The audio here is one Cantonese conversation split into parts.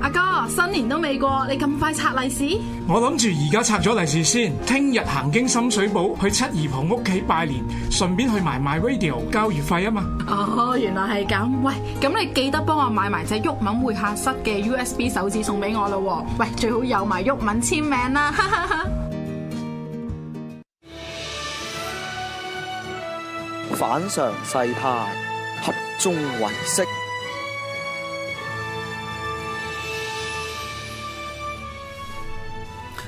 阿哥，新年都未過，你咁快拆利是？我諗住而家拆咗利是先，聽日行經深水埗去七姨婆屋企拜年，順便去埋 MyRadio 交月費啊嘛。哦，原來係咁。喂，咁你記得幫我買埋隻毓民會客室嘅 USB 手指送俾我啦。喂，最好有埋毓民簽名啦。 反常世態，合眾唯識。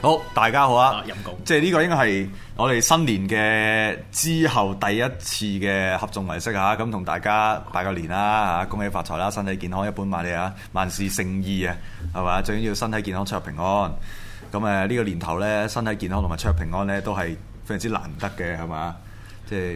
好，大家好啊！即係呢個應該係我哋新年嘅之後第一次嘅合眾唯識嚇，咁、啊、同大家拜個年啦嚇、啊，恭喜發財啦，身體健康，一般萬利啊，萬事勝意啊，係嘛？最緊要身體健康，出入平安。咁誒呢個年頭呢，身體健康同埋出入平安呢，都係非常之難得嘅，係嘛？即係誒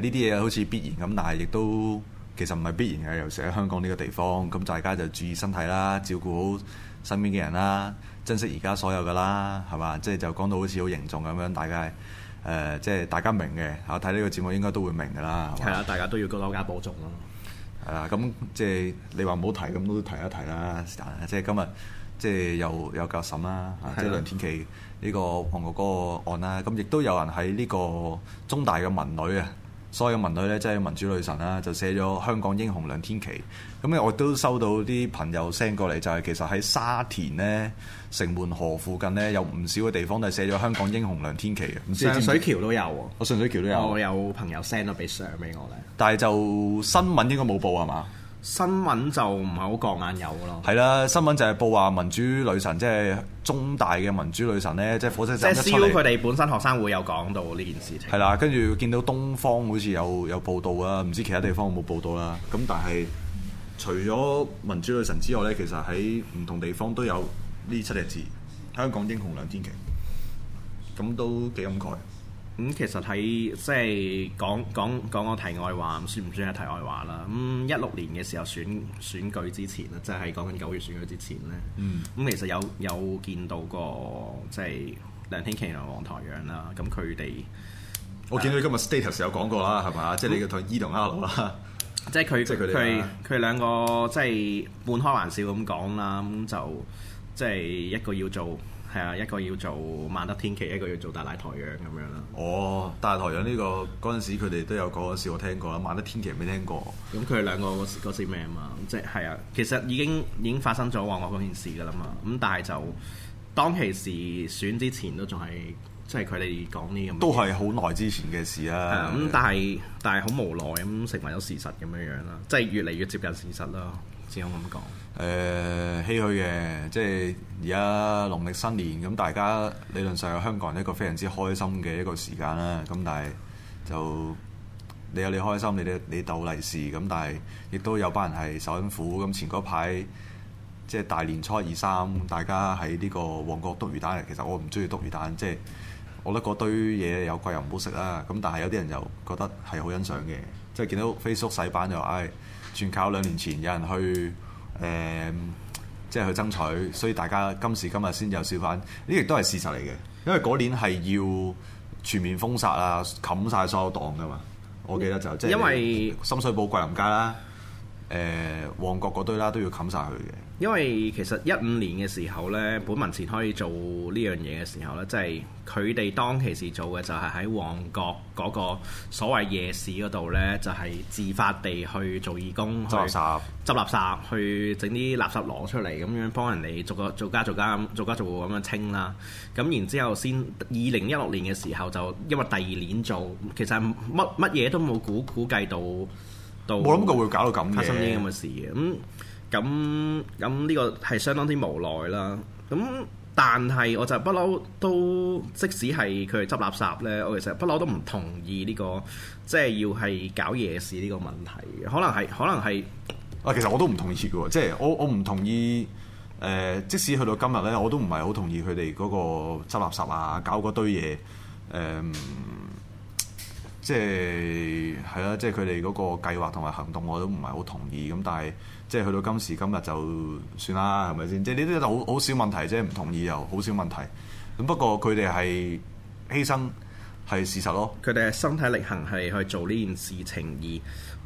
呢啲嘢好似必然咁，但係亦都其實唔係必然嘅，尤其是喺香港呢個地方。咁大家就注意身體啦，照顧好。身邊嘅人啦，珍惜而家所有嘅啦，係嘛？即係就講到好似好凝重咁樣，大家誒、呃、即係大家明嘅。我睇呢個節目應該都會明嘅啦，係嘛？係啊，大家都要多加保重咯。係啊，咁即係你話唔好提，咁都提一提啦。即係今日即係又又有審啦，即係、啊、的梁天琦呢、這個韓國嗰案啦。咁、啊、亦都有人喺呢個中大嘅文女啊。所有文女咧，即係民主女神啦，就寫咗香港英雄梁天琦。咁咧，我都收到啲朋友 send 過嚟，就係其實喺沙田咧，城門河附近咧，有唔少嘅地方都係寫咗香港英雄梁天琦嘅。唔知上水橋都有喎，我上水橋都有啊，我有朋友 send 咗俾相俾我咧。但係就新聞應該冇報係嘛？新聞就唔係好過眼有咯。係啦，新聞就係報話民主女神，即係中大嘅民主女神咧，即係火車站一出嚟佢哋本身學生會有講到呢件事情。係啦，跟住見到東方好似有有報道啊，唔知其他地方有冇報道啦。咁但係除咗民主女神之外咧，其實喺唔同地方都有呢七隻字，香港英雄梁天琦，咁都幾感慨。咁、嗯、其實喺即係講講講個題外話，算唔算係題外話啦？咁一六年嘅時候選選舉之前即就係講緊九月選舉之前咧。嗯。咁、嗯、其實有有見到過即係梁天琦同黃台仰啦。咁佢哋我見到今日 status 有講過啦，係嘛、嗯？即係你嘅台 E 同 L 啦。即係佢佢佢兩個即係半開玩笑咁講啦。咁就即係一個要做。係啊，一個要做萬德天騎，一個要做大奶台養咁樣啦。哦，大奶台養呢個嗰陣時，佢哋都有講嗰時，我聽過啦。萬德天騎未聽過。咁佢哋兩個嗰時咩啊嘛？即係啊，其實已經已經發生咗旺角嗰件事㗎啦嘛。咁但係就當其時選之前都仲係即係佢哋講呢咁。都係好耐之前嘅事啊。咁但係但係好無奈咁成為咗事實咁樣樣啦。即係越嚟越接近事實啦，只可咁講。誒、呃、唏噓嘅，即係而家農曆新年咁，大家理論上香港人一個非常之開心嘅一個時間啦。咁但係就你有你開心，你你你逗利是咁，但係亦都有班人係受緊苦。咁前嗰排即係大年初二三，大家喺呢個旺角篤魚蛋。其實我唔中意篤魚蛋，即係我覺得嗰堆嘢又貴又唔好食啦。咁但係有啲人又覺得係好欣賞嘅，即係見到 Facebook 洗版就話：唉、哎，全靠兩年前有人去。誒、嗯，即係去爭取，所以大家今時今日先有小販，呢亦都係事實嚟嘅。因為嗰年係要全面封殺啊，冚晒所有檔噶嘛，我記得就因為即係深水埗桂林街啦，誒、呃、旺角嗰堆啦，都要冚晒佢嘅。因為其實一五年嘅時候呢，本民前開始做呢樣嘢嘅時候呢，即係佢哋當其時做嘅就係喺旺角嗰個所謂夜市嗰度呢，就係、是、自發地去做義工，執垃圾、執垃圾去整啲垃圾攞出嚟，咁樣幫人哋逐個做家做家做家做戶咁樣清啦。咁然之後先二零一六年嘅時候就，就因為第二年做，其實乜乜嘢都冇估估計到，冇諗過會搞到咁嘅發生啲咁嘅事咁。咁咁呢個係相當之無奈啦。咁但係我就不嬲都，即使係佢哋執垃圾咧，我其實不嬲都唔同意呢個，即係要係搞夜市呢個問題。可能係，可能係。啊，其實我都唔同意嘅喎，即係我我唔同意誒、呃，即使去到今日咧，我都唔係好同意佢哋嗰個執垃圾啊，搞嗰堆嘢誒。呃即係係啦，即係佢哋嗰個計劃同埋行動，我都唔係好同意咁，但係即係去到今時今日就算啦，係咪先？即係呢啲就好少問題啫，唔同意又好少問題。咁不過佢哋係犧牲係事實咯。佢哋係身體力行係去做呢件事情，而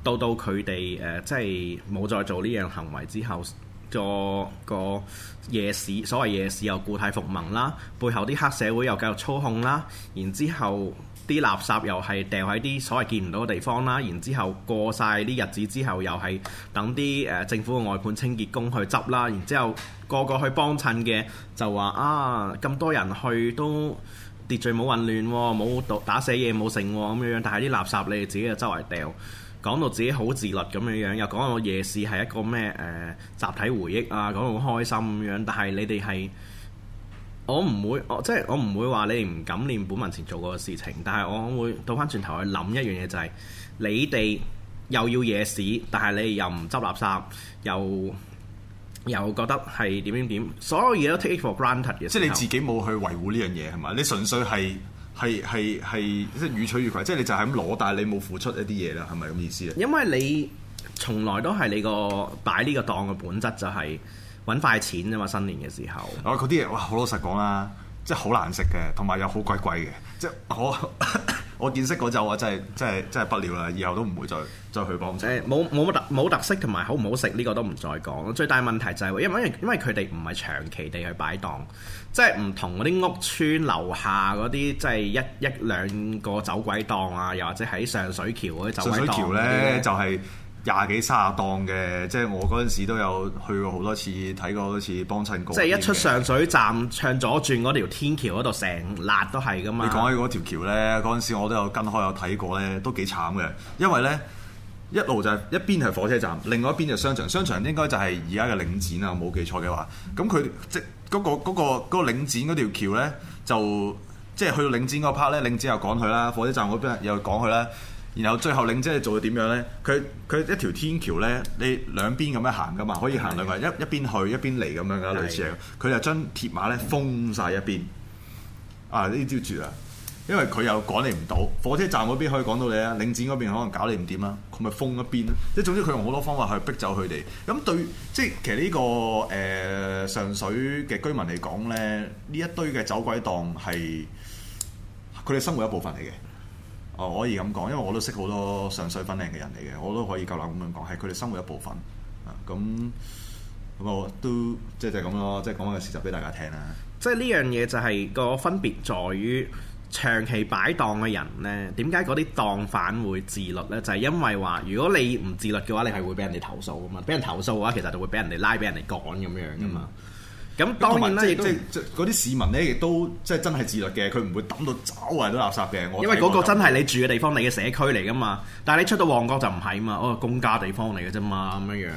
到到佢哋誒即係冇再做呢樣行為之後。做個夜市，所謂夜市又固態復萌啦，背後啲黑社會又繼續操控啦，然之後啲垃圾又係掉喺啲所謂見唔到嘅地方啦，然之後過晒啲日子之後又係等啲誒政府嘅外判清潔工去執啦，然之後個個去幫襯嘅就話啊咁多人去都秩序冇混亂喎、啊，冇打死嘢冇剩喎咁樣樣，但係啲垃圾你自己嘅，就周圍掉。講到自己好自律咁樣樣，又講到夜市係一個咩誒、呃、集體回憶啊，講到好開心咁樣，但係你哋係我唔會，我即係我唔會話你哋唔感念本民前做過嘅事情，但係我會倒翻轉頭去諗一樣嘢、就係，就係你哋又要夜市，但係你哋又唔執垃圾，又又覺得係點點點，所有嘢都 take it for granted 嘅，即係你自己冇去維護呢樣嘢係咪？你純粹係。係係係，即係予取予求，即係你就係咁攞，但係你冇付出一啲嘢啦，係咪咁意思啊？因為你從來都係你個擺呢個檔嘅本質就係、是、揾快錢啫嘛，新年嘅時候。哦，嗰啲嘢哇，好老實講啦，即係好難食嘅，同埋又好鬼貴嘅。即我 我見識嗰陣我真係真係真係不了啦，以後都唔會再再去幫、欸。冇冇乜特冇特色同埋好唔好食呢、呢個都唔再講。最大問題就係因為因為佢哋唔係長期地去擺檔，即係唔同嗰啲屋村樓下嗰啲即係一一兩個走鬼檔啊，又或者喺上水橋嗰啲走鬼檔、啊、上水橋呢，就係、係。廿幾卅檔嘅，即係我嗰陣時都有去過好多次，睇過好多次幫襯過。即係一出上水站，向左轉嗰條天橋嗰度，成辣都係㗎嘛。你講起嗰條橋咧，嗰陣時我都有跟開，有睇過呢，都幾慘嘅。因為呢，一路就係、是、一邊係火車站，另外一邊就商場。商場應該就係而家嘅領展啊，冇記錯嘅話。咁佢即係嗰個嗰、嗰個嗰個嗰個嗰個、領展嗰條橋咧，就即係去到領展嗰 part 呢，領展又趕佢啦，火車站嗰邊又趕佢啦。然後最後領展係做到點樣呢？佢佢一條天橋呢，你兩邊咁樣行噶嘛，可以行兩個人，的一一邊去一邊嚟咁樣噶，類似嘅。佢的就將鐵馬呢封晒一邊。啊！呢招絕啊！因為佢又趕你唔到，火車站嗰邊可以趕到你啊，領展嗰邊可能搞你唔掂啦，佢咪封一邊咧？即係總之佢用好多方法去逼走佢哋。咁對，即係其實呢、呢個誒、呃、上水嘅居民嚟講呢，呢一堆嘅走鬼檔係佢哋生活一部分嚟嘅。哦，我可以咁講，因為我都識好多上水粉嶺嘅人嚟嘅、嗯嗯，我都可以夠膽咁樣，、就是、樣講，係佢哋生活一部分啊。咁咁我都即係就講咯，即係講翻個事實俾大家聽啦。即係呢樣嘢就係個分別，在於長期擺檔嘅人呢。點解嗰啲檔販會自律呢？就係、是、因為話，如果你唔自律嘅話，你係會俾人哋投訴㗎嘛。俾人投訴嘅話，其實就會俾人哋拉，俾人哋趕咁樣噶嘛。嗯咁當然啦，即係嗰啲市民咧，亦都即係真係自律嘅，佢唔會抌到周圍都垃圾嘅。因為嗰個真係你住嘅地方，你嘅社區嚟噶嘛。但係你出到旺角就唔係啊嘛，我、嗰個公家地方嚟嘅啫嘛，咁、嗯、樣樣。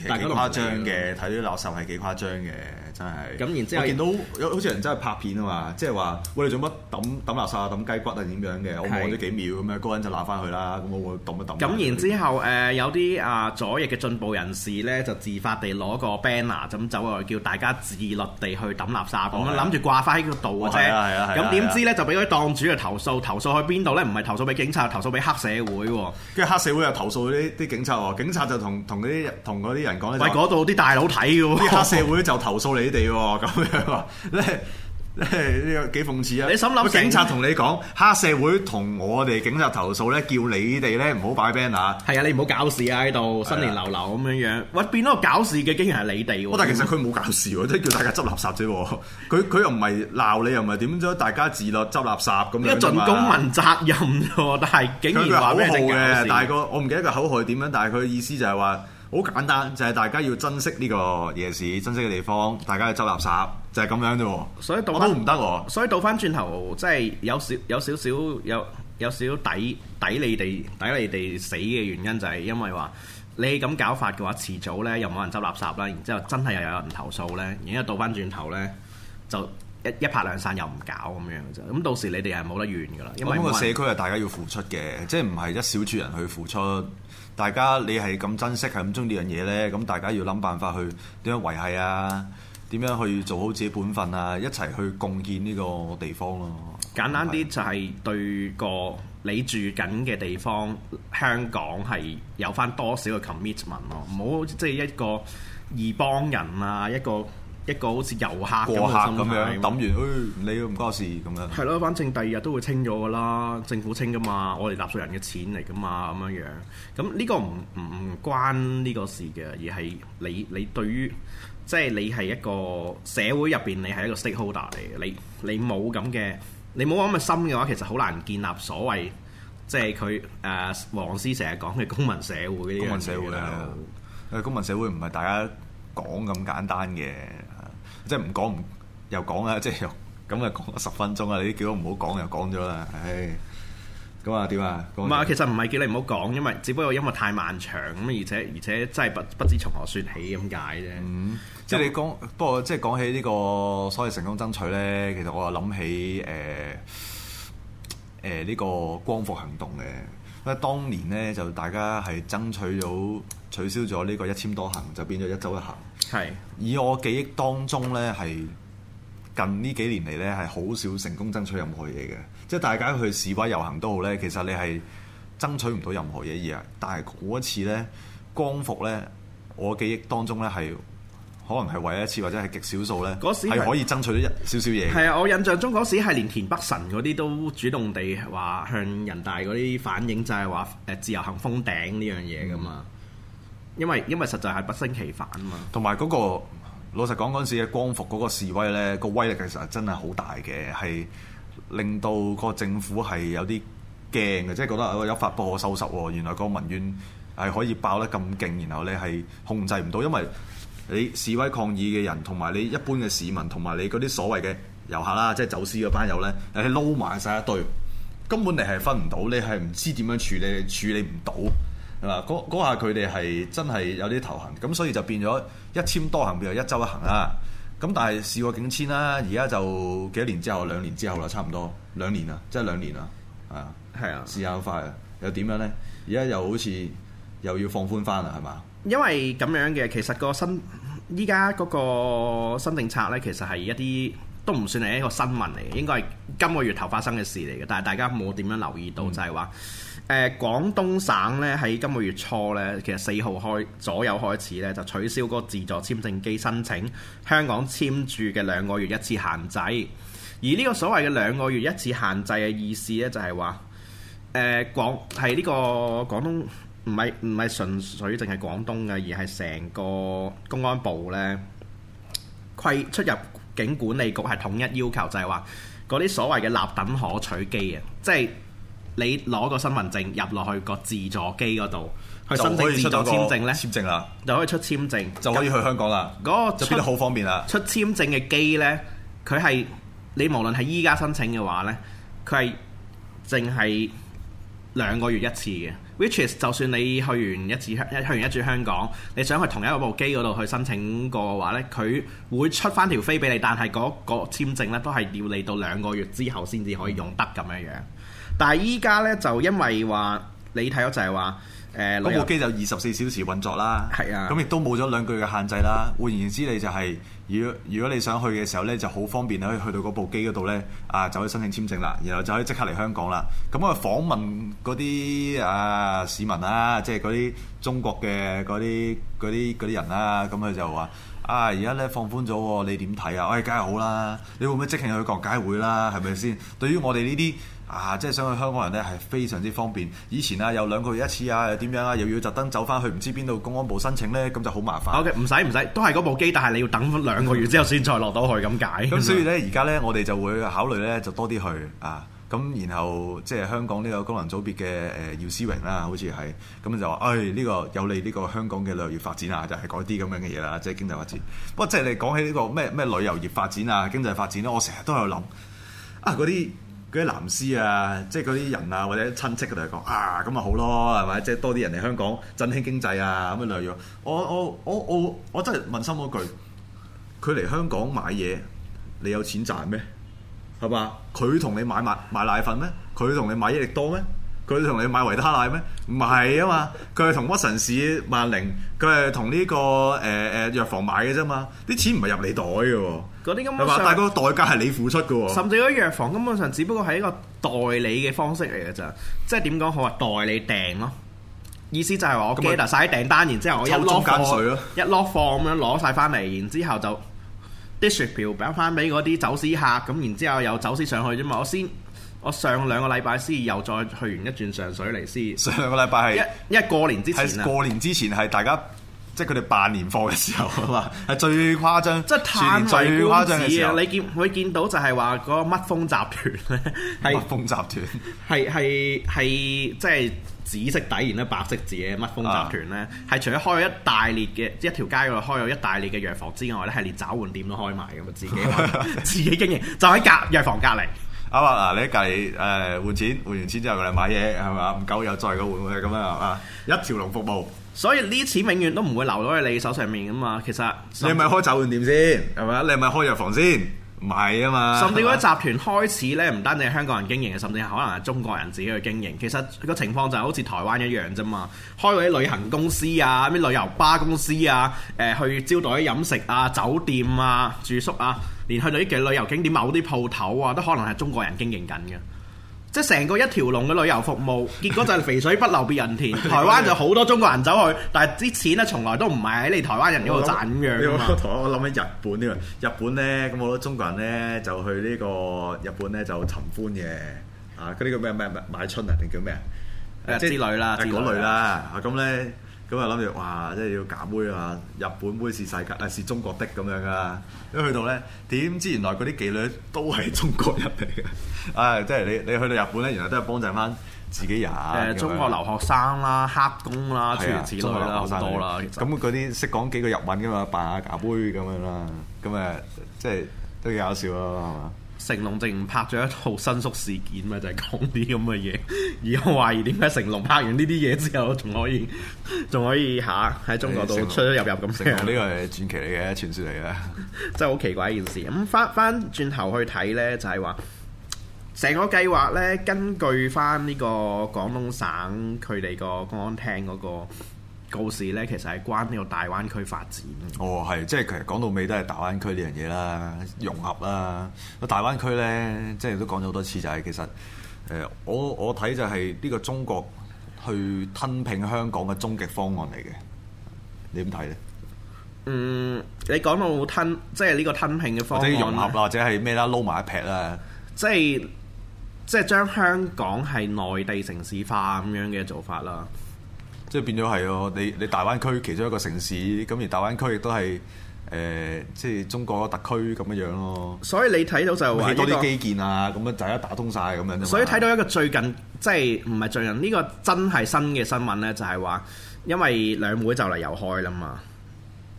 其實幾誇張嘅，睇啲垃圾係幾誇張嘅，真係。咁然之後，我見到有好似人真係拍片啊嘛，即係話喂，你做乜抌抌垃圾啊、抌雞骨定點樣嘅？我望咗幾秒咁樣，嗰個人就揦翻去啦。咁我會抌一抌。咁然之後，誒有啲啊左翼嘅進步人士咧，就自發地攞個 banner，咁走嚟叫大家自律地去抌垃圾。咁諗住掛翻喺個度嘅啫。咁點知咧就俾嗰啲檔主去投訴，投訴去邊度咧？唔係投訴俾警察，投訴俾黑社會。跟住黑社會又投訴啲啲警察喎，警察就同同嗰啲同啲喂，嗰度啲大佬睇嘅喎，黑社會就投訴你哋喎，咁樣咧咧呢個幾諷刺啊！你心諗警察同你講，黑社會同我哋警察投訴咧，叫你哋咧唔好擺 ban 啊！係啊，你唔好搞事啊！喺度新年流流咁樣樣，喂，變咗個搞事嘅竟然係你哋喎！但其實佢冇搞事喎，即係叫大家執垃圾啫。佢佢又唔係鬧你，又唔係點咗。大家自樂執垃圾咁樣。一個盡公民責任喎，但係竟然話咩嘅？但係個我唔記得個口號係點樣，但係佢意思就係話。好簡單，就係、是、大家要珍惜呢個夜市，珍惜嘅地方，大家要執垃圾，就係、是、咁樣啫喎。所以倒翻唔得喎。所以倒翻轉頭，即、就、係、是、有少有少少有有少少抵抵你哋抵你哋死嘅原因，就係因為話你咁搞法嘅話，遲早呢又冇人執垃圾啦。然之後真係又有人投訴呢。然之後倒翻轉頭呢。就。一一拍兩散又唔搞咁樣嘅啫，咁到時你哋係冇得怨噶啦。因為呢個社區係大家要付出嘅，即係唔係一小撮人去付出。大家你係咁珍惜、係咁鍾意呢樣嘢呢，咁大家要諗辦法去點樣維係啊？點樣去做好自己本分啊？一齊去共建呢個地方咯。簡單啲就係對個你住緊嘅地方，香港係有翻多少嘅 commitment 咯，唔好即係一個義幫人啊，一個。一個好似遊客咁嘅心態，抌完，哎，你唔關事咁樣吧。係咯，反正第二日都會清咗噶啦，政府清噶嘛，我哋納稅人嘅錢嚟噶嘛，咁樣樣。咁呢個唔唔唔關呢個事嘅，而係你你對於，即係你係一個社會入邊，你係一個 stakeholder 嚟嘅。你你冇咁嘅，你冇咁嘅心嘅話，其實好難建立所謂，即係佢誒黃絲成日講嘅公民社會。公民社會啊、就是，誒公民社會唔係大家。講咁簡單嘅，即係唔講唔又講啦，即係又咁啊講咗十分鐘啊！你都叫唔好講又講咗啦，唉、哎，咁啊點啊？唔係，其實唔係叫你唔好講，因為只不過因為音樂太漫長，咁而且而且真係不不知從何說起咁解啫。嗯、就即係你講，不過即係講起呢個所謂成功爭取呢，其實我又諗起誒誒呢個光復行動嘅，因為當年呢，就大家係爭取到。取消咗呢個一簽多行，就變咗一周一行。係是以我記憶當中呢，係近呢幾年嚟呢係好少成功爭取任何嘢嘅。即係大家去示威遊行都好呢，其實你係爭取唔到任何嘢而嘅。但係嗰一次呢，光復呢，我記憶當中呢，係可能係唯一一次，或者係極少數咧，係可以爭取到一少少嘢。係啊，我印象中嗰時係連田北辰嗰啲都主動地話向人大嗰啲反映，就係話自由行封頂呢樣嘢㗎嘛。嗯因為因為實在係不勝其煩啊嘛、那個，同埋嗰個老實講嗰陣時嘅光復嗰個示威呢個威力其實真係好大嘅，係令到個政府係有啲驚嘅，即、就、係、是、覺得有一發不可收拾喎、哦，原來個民怨係可以爆得咁勁，然後呢係控制唔到，因為你示威抗議嘅人，同埋你一般嘅市民，同埋你嗰啲所謂嘅遊客啦，即係走私嗰班友咧，誒撈埋晒一堆，根本你係分唔到，你係唔知點樣處理，處理唔到。係嘛？嗰下佢哋係真係有啲頭痕，咁所以就變咗一簽多行，變咗一週一行啦。咁對但係事過境遷啦，而家就幾多年之後，兩年之後啦，差唔多兩年啦，即係兩年啦，係啊的，係啊，時間快啊，又點樣呢？而家又好似又要放寬翻啦，係嘛？因為咁樣嘅，其實個新依家嗰個新政策呢，其實係一啲都唔算係一個新聞嚟嘅，應該係今個月頭發生嘅事嚟嘅，但係大家冇點樣留意到，嗯、就係話。誒、呃、廣東省咧喺今個月初咧，其實四號開左右開始咧，就取消嗰個自助簽證機申請香港簽注嘅兩個月一次限制。而呢個所謂嘅兩個月一次限制嘅意思咧，就係話誒廣係呢個廣東唔係唔係純粹淨係廣東嘅，而係成個公安部咧規出入境管理局係統一要求就，就係話嗰啲所謂嘅立等可取機啊，即係。你攞個身份證入落去個自助機嗰度，去申請自助簽證咧，就簽證就可以出簽證，就可以去香港啦。嗰個就變得好方便啦。出簽證嘅機呢，佢係你無論係依家申請嘅話呢，佢係淨係兩個月一次嘅。which is 就算你去完一次香一去完一次香港，你想去同一部機嗰度去申請過嘅話呢，佢會出翻條飛俾你，但係嗰個簽證呢都係要你到兩個月之後先至可以用得咁樣樣。但係依家咧就因為話你睇咗，就係話誒，嗰部機就二十四小時運作啦，係啊，咁亦都冇咗兩句嘅限制啦。換言之，你就係如果如果你想去嘅時候咧，就好方便你可以去到嗰部機嗰度咧啊，就可以申請簽證啦，然後就可以即刻嚟香港啦。咁、嗯、我訪問嗰啲啊市民啦、啊，即係嗰啲中國嘅嗰啲啲啲人啦，咁佢就話啊，而家咧放寬咗，你點睇啊？喂、哎，梗係好啦，你會唔會即興去各街會啦？係咪先？對於我哋呢啲。啊！即係想去香港人咧，係非常之方便。以前啊，有兩個月一次啊，又點樣啊，又要特登走翻去唔知邊度公安部申請呢？咁就好麻煩。OK，唔使唔使，都係嗰部機，但係你要等兩個月之後先再落到去咁解。咁、嗯、樣所以呢，而家呢，我哋就會考慮呢，就多啲去啊。咁然後即係、就是、香港呢個功能組別嘅誒姚思榮啦、啊，好似係咁就話，哎，呢、這個有利呢個香港嘅旅遊業發展啊，就係嗰啲咁樣嘅嘢啦，即、就、係、是、經濟發展。不過即係你講起呢個咩咩旅遊業發展啊、經濟發展呢，我成日都有諗啊啲。啊嗰啲藍絲啊，即係嗰啲人啊，或者親戚佢哋講啊，咁啊好咯，係咪？即係多啲人嚟香港，振興經濟啊，咁樣類樣。我我我我我真係問心嗰句，佢嚟香港買嘢，你有錢賺咩？係嘛吧？佢同你買買買，買奶粉咩？佢同你買益力多咩？佢同你買維他奶咩？唔係啊嘛，佢係同屈臣氏、萬寧，佢係同呢個誒誒、呃呃、藥房買嘅啫嘛。啲錢唔係入你袋嘅喎。嗰啲咁樣，但係嗰個代價係你付出嘅喎、哦。甚至嗰啲藥房根本上只不過係一個代理嘅方式嚟嘅咋，即係點講？好話代理訂咯，意思就係我 get 曬啲訂單，然之後我一攞貨，水啊、一攞貨咁樣攞晒翻嚟，然之後就啲雪票俾翻俾嗰啲走私客，咁然之後又走私上去啫嘛。我先我上兩個禮拜先，又再去完一轉上水嚟先。上兩個禮拜係因為過年之前，過年之前係大家。即係佢哋辦年貨嘅時候啊嘛，係最誇張，即係太最誇張嘅時候。時候你見會見到就係話嗰個蜜蜂集團咧，係蜜蜂集團，係係係即係紫色底，然咧白色字嘅蜜蜂集團咧，係除咗開咗一大列嘅一條街嗰度開咗一大列嘅藥房之外咧，係連找換店都開埋嘛。自己 自己經營，就喺隔藥房隔籬。啊嘛嗱，你喺隔籬誒換錢，換完錢之後嚟買嘢係嘛，唔夠又再過換嘅咁啊，係、啊、嘛、啊啊，一條龍服務。所以呢啲錢永遠都唔會留到喺你手上面㗎嘛，其實你咪開酒店先，係咪啊？你咪開藥房先，唔係啊嘛。甚至嗰啲集團開始呢，唔單止係香港人經營，甚至係可能係中國人自己去經營。其實個情況就係好似台灣一樣啫嘛，開嗰啲旅行公司啊，咩旅遊巴公司啊，誒、呃、去招待啲飲食啊、酒店啊、住宿啊，連去到啲嘅旅遊景點某啲鋪頭啊，都可能係中國人經營緊嘅。即係成個一條龍嘅旅遊服務，結果就係肥水不流別人田。 台灣就好多中國人走去，但係啲錢咧從來都唔係喺你台灣人嗰度賺咁樣嘅嘛想。我諗起日本呢、呢個，日本咧咁好多中國人咧就去呢個日本咧就尋歡嘅啊！嗰啲叫咩咩咩買春啊定叫咩啊？誒、就是，即係之類啦，嗰類啦，咁咧、啊。咁啊諗住哇，即係要假妹啊！日本妹是世界，啊是中國的咁樣啊！一去到咧，點知原來嗰啲妓女都係中國人嚟嘅。啊，即係你你去到日本咧，原來都係幫襯翻自己人。誒、嗯，吧中國留學生啦、黑工啦，出如此類啦，好多啦。咁嗰啲識講幾個日文噶嘛，扮下假妹咁樣啦。咁誒，即係都幾搞笑咯，係嘛？成龍淨拍咗一套《新宿事件》嘛，就係講啲咁嘅嘢，而我懷疑點解成龍拍完呢啲嘢之後，仲可以仲可以下喺中國度出出入入咁成。呢個係傳奇嚟嘅，傳説嚟嘅。 真係好奇怪一件事。咁翻翻轉頭去睇呢，就係話成個計劃呢，根據翻呢個廣東省佢哋個公安廳嗰個。告示咧，其實係關呢個大灣區發展。哦，係，即係其實講到尾都係大灣區呢樣嘢啦，融合啦。大灣區咧，即係都講咗好多次，就係其實誒、呃，我我睇就係呢個中國去吞併香港嘅終極方案嚟嘅。你點睇咧？嗯，你講到吞，即係呢個吞併嘅方案，或者融合，或者係咩啦，撈埋一劈啦，即係即係將香港係內地城市化咁樣嘅做法啦。即係變咗係哦，你你大灣區其中一個城市，咁而大灣區亦都係誒，即係中國特區咁樣樣咯。所以你睇到就係哇多啲基建啊，咁個樣就一打通晒咁樣。所以睇到一個最近即係唔係最近呢、這個真係新嘅新聞呢，就係話因為兩會就嚟又開啦嘛，啊、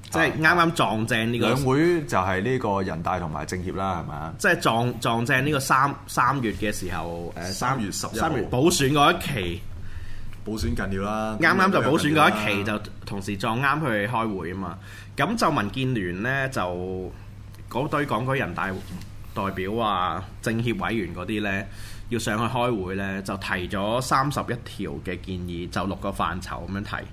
即係啱啱撞正呢個、啊、兩會就係呢個人大同埋政協啦，係咪啊？即係撞撞正呢個三三月嘅時候，誒三,三月十一號補選嗰一期。嗯補選緊要啦！啱啱就補選嗰一期就同時撞啱去開會啊嘛！咁就民建聯呢，就嗰堆港區人大代表啊、政協委員嗰啲呢，要上去開會呢，就提咗三十一條嘅建議，就六個範疇咁樣提。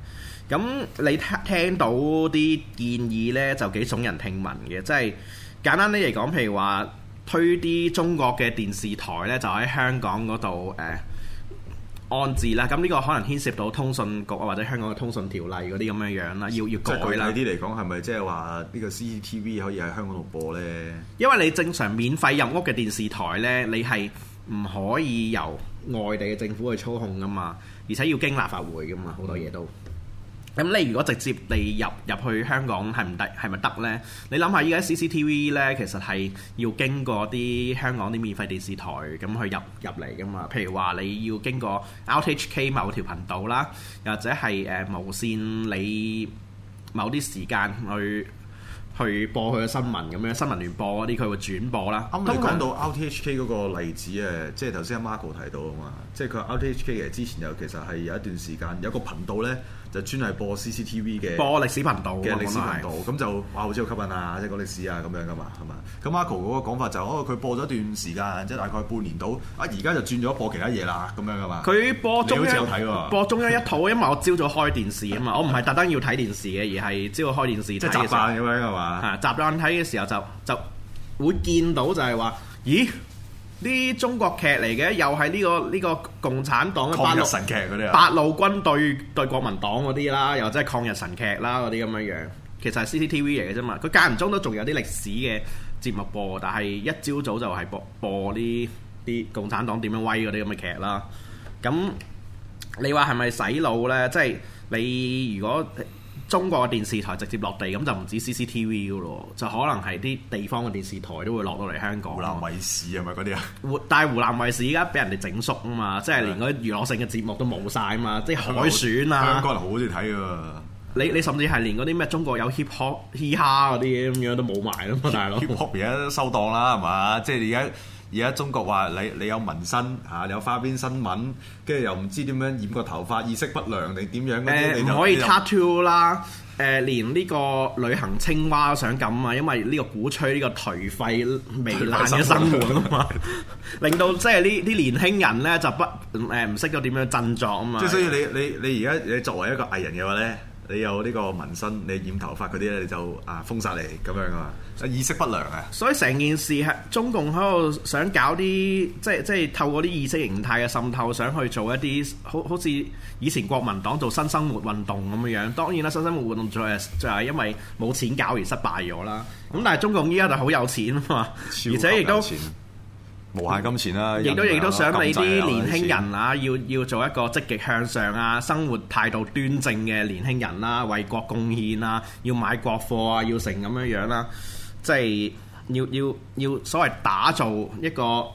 咁你聽聽到啲建議呢，就幾聳人聽聞嘅，即係簡單啲嚟講，譬如話推啲中國嘅電視台呢，就喺香港嗰度誒。呃安置啦，咁呢個可能牽涉到通訊局或者香港嘅通訊條例嗰啲咁嘅樣啦，要要即具體啲嚟講，係咪即係話呢個 CCTV 可以喺香港度播呢？因為你正常免費入屋嘅電視台呢，你係唔可以由外地嘅政府去操控噶嘛，而且要經立法會噶嘛，嗯、好多嘢都。咁你如果直接地入入去香港係唔得係咪得呢？你諗下依家 CCTV 呢，其實係要經過啲香港啲免費電視台咁去入入嚟噶嘛？譬如話你要經過 RTHK 某條頻道啦，又或者係誒、呃、無線，你某啲時間去去播佢嘅新聞咁樣新聞聯播嗰啲，佢會轉播啦。啱，你講到 RTHK 嗰個例子誒，即係頭先阿 Marco 提到啊嘛，即係佢 RTHK 其實之前又其實係有一段時間有個頻道呢。就專係播 CCTV 嘅，播歷史頻道嘅歷史頻道，咁就哇，好似好吸引啊！即係講歷史啊，咁樣噶嘛，係嘛？咁阿 Co 嗰個講法就，佢播咗段時間，即係大概半年到，啊而家就轉咗播其他嘢啦，咁樣噶嘛？佢播中央，有播中央一套，因為我朝早開電視啊嘛，我唔係特登要睇電視嘅， 而係朝早開電視即係習慣咁樣係嘛？啊，習慣睇嘅時候就就，就會見到就係話，咦？啲中國劇嚟嘅，又係呢個呢個共產黨嘅八路神劇，八路軍對對國民黨嗰啲啦，又即係抗日神劇啦嗰啲咁樣樣，其實係 CCTV 嚟嘅啫嘛。佢間唔中都仲有啲歷史嘅節目播，但係一朝早就係播播啲啲共產黨點樣威嗰啲咁嘅劇啦。咁你話係咪洗腦呢？即係你如果。中國嘅電視台直接落地咁就唔止 CCTV 噶咯，就可能係啲地方嘅電視台都會落到嚟香港。湖南衞視係咪嗰啲啊？湖但係湖南衞視而家俾人哋整肅啊嘛，即係連嗰啲娛樂性嘅節目都冇晒啊嘛，即係海選啊。香港人好少睇㗎。你你甚至係連嗰啲咩中國有 hip hop 嘻哈嗰啲嘢咁樣都冇埋啦嘛，大佬。hip hop 而家收檔啦係嘛？即係而家。而家中國話你你有紋身嚇，你有花邊新聞，跟住又唔知點樣染個頭髮，意識不良定點樣嗰、呃、你唔就可以 tattoo 有啦。誒、呃，連呢個旅行青蛙都想咁啊，因為呢個鼓吹呢、呢個頹廢糜爛嘅生活啊嘛，太太 令到即係呢啲年輕人咧就不誒唔識咗點樣振作啊嘛。即係 所以你你你而家你作為一個藝人嘅話咧。你有呢個紋身，你染頭髮嗰啲咧，你就啊封殺你咁樣啊！嗯、意識不良啊！所以成件事係中共喺度想搞啲，即係即係透過啲意識形態嘅滲透，想去做一啲好好似以前國民黨做新生活運動咁樣。當然啦，新生活運動就係就係因為冇錢搞而失敗咗啦。咁、嗯、但係中共依家就好有錢啊嘛，級而且亦都。無限金錢啦，亦都人亦都想你啲年輕人啊，錢要要做一個積極向上啊，生活態度端正嘅年輕人啦，為國貢獻啊，要買國貨啊，要成咁樣樣啦，即係要要要所謂打造一個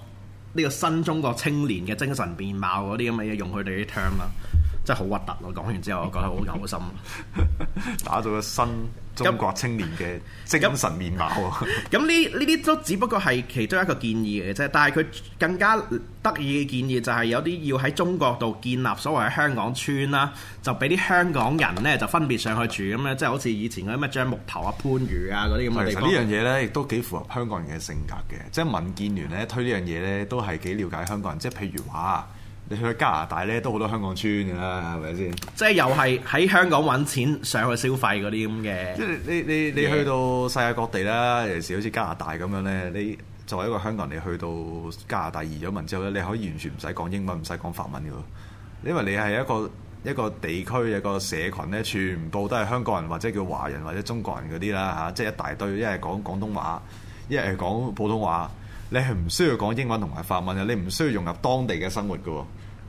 呢個新中國青年嘅精神面貌嗰啲咁嘅嘢，用佢哋啲 term 啦。真係好核突咯！講完之後，我覺得好嘔心。 打造個新中國青年嘅精神面貌。咁呢？呢啲都只不過係其中一個建議嘅啫。但係佢更加得意嘅建議就係有啲要喺中國度建立所謂嘅香港村啦，就俾啲香港人呢就分別上去住咁樣，即係好似以前嗰啲咩樟木頭啊、番禺啊嗰啲咁嘅地方。其實呢樣嘢呢亦都幾符合香港人嘅性格嘅。即係民建聯呢推呢樣嘢呢，都係幾了解香港人。即係譬如話。去加拿大咧都好多香港村嘅啦，係咪先？即係又係喺香港揾錢上去消費嗰啲咁嘅。即係你你，你，你去到世界各地啦，尤其是好似加拿大咁樣呢，你作為一個香港人，你去到加拿大移咗民之後呢，你可以完全唔使講英文，唔使講法文嘅。因為你係一個一個地區一個社群呢，全部都係香港人或者叫華人或者中國人嗰啲啦嚇，啊，即係一大堆，一係講廣東話，一係講普通話，你係唔需要講英文同埋法文嘅，你唔需要融入當地嘅生活嘅。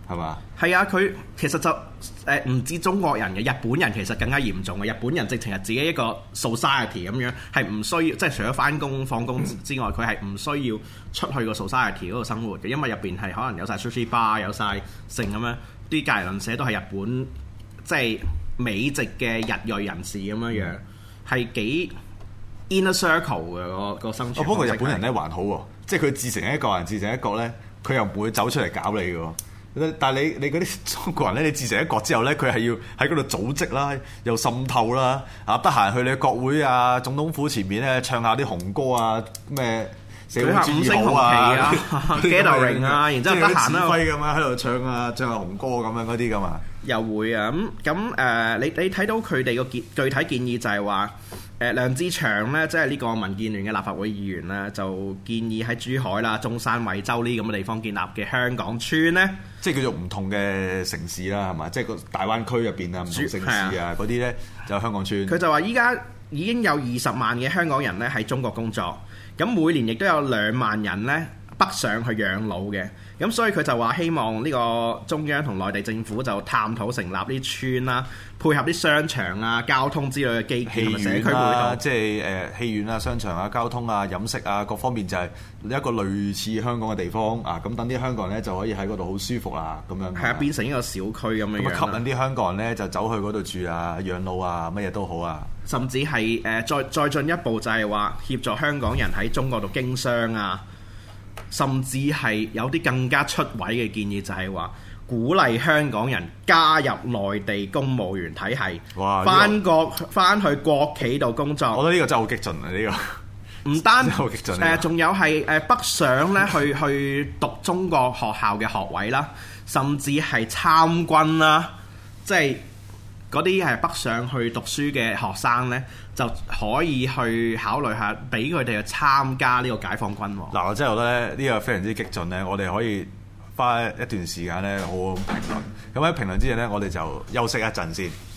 係嘛？係啊，佢其實就誒唔、呃、止中國人嘅，日本人其實更加嚴重嘅。日本人直情係自己一個 society 咁樣，係唔需要即係除咗返工放工之外，佢係唔需要出去個 society 嗰度生活嘅，因為入邊係可能有晒 sushi bar，有晒性咁樣啲隔籬鄰舍都係日本即係美籍嘅日裔人士咁樣樣，係幾 inner circle 嘅個生活。哦，不過日本人咧還好喎、啊，即係佢自成一個人，人自成一個咧，佢又唔會走出嚟搞你嘅喎。但係你你嗰啲中國人咧，你自成一國之後咧，佢係要喺嗰度組織啦，又滲透啦，啊得閒去你國會啊、總統府前面咧唱下啲紅歌啊，咩、啊、五星紅旗啊、頸戴榮啊，然之後得閒啦，揮咁樣喺度唱啊，唱下紅歌咁樣嗰啲噶嘛？又會啊，咁咁誒，你你睇到佢哋個建具體建議就係話。誒梁志祥咧，即係呢個民建聯嘅立法會議員咧，就建議喺珠海啦、中山、惠州呢啲咁嘅地方建立嘅香港村，呢即係叫做唔同嘅城市啦，係嘛？即係個大灣區入邊啊，唔同城市啊，嗰啲的呢，就香港村。佢就話依家已經有二十萬嘅香港人呢喺中國工作，咁每年亦都有兩萬人呢北上去養老嘅。咁所以佢就話希望呢個中央同內地政府就探討成立啲村啦、啊，配合啲商場啊、交通之類嘅基建，啊、社區配套，即係誒、呃、戲院啊、商場啊、交通啊、飲食啊各方面，就係一個類似香港嘅地方啊。咁等啲香港人咧就可以喺嗰度好舒服啊咁樣，係啊，變成一個小區咁樣、啊，吸引啲香港人咧就走去嗰度住啊、養老啊、乜嘢都好啊。甚至係誒、呃、再再進一步就係話協助香港人喺中國度經商啊。甚至係有啲更加出位嘅建議就，就係話鼓勵香港人加入內地公務員體系，返哇國返去國企度工作。我覺得呢個真係好激進啊！呢、這個唔單止好激進、呃，仲有係誒、呃、北上呢，去去讀中國學校嘅學位啦， 甚至係參軍啦，即係。嗰啲係北上去讀書嘅學生呢，就可以去考慮下，俾佢哋去參加呢個解放軍喎。嗱，我真係覺得呢，呢個非常之激進呢，我哋可以花一段時間呢，好好評論。咁喺評論之後呢，我哋就休息一陣先。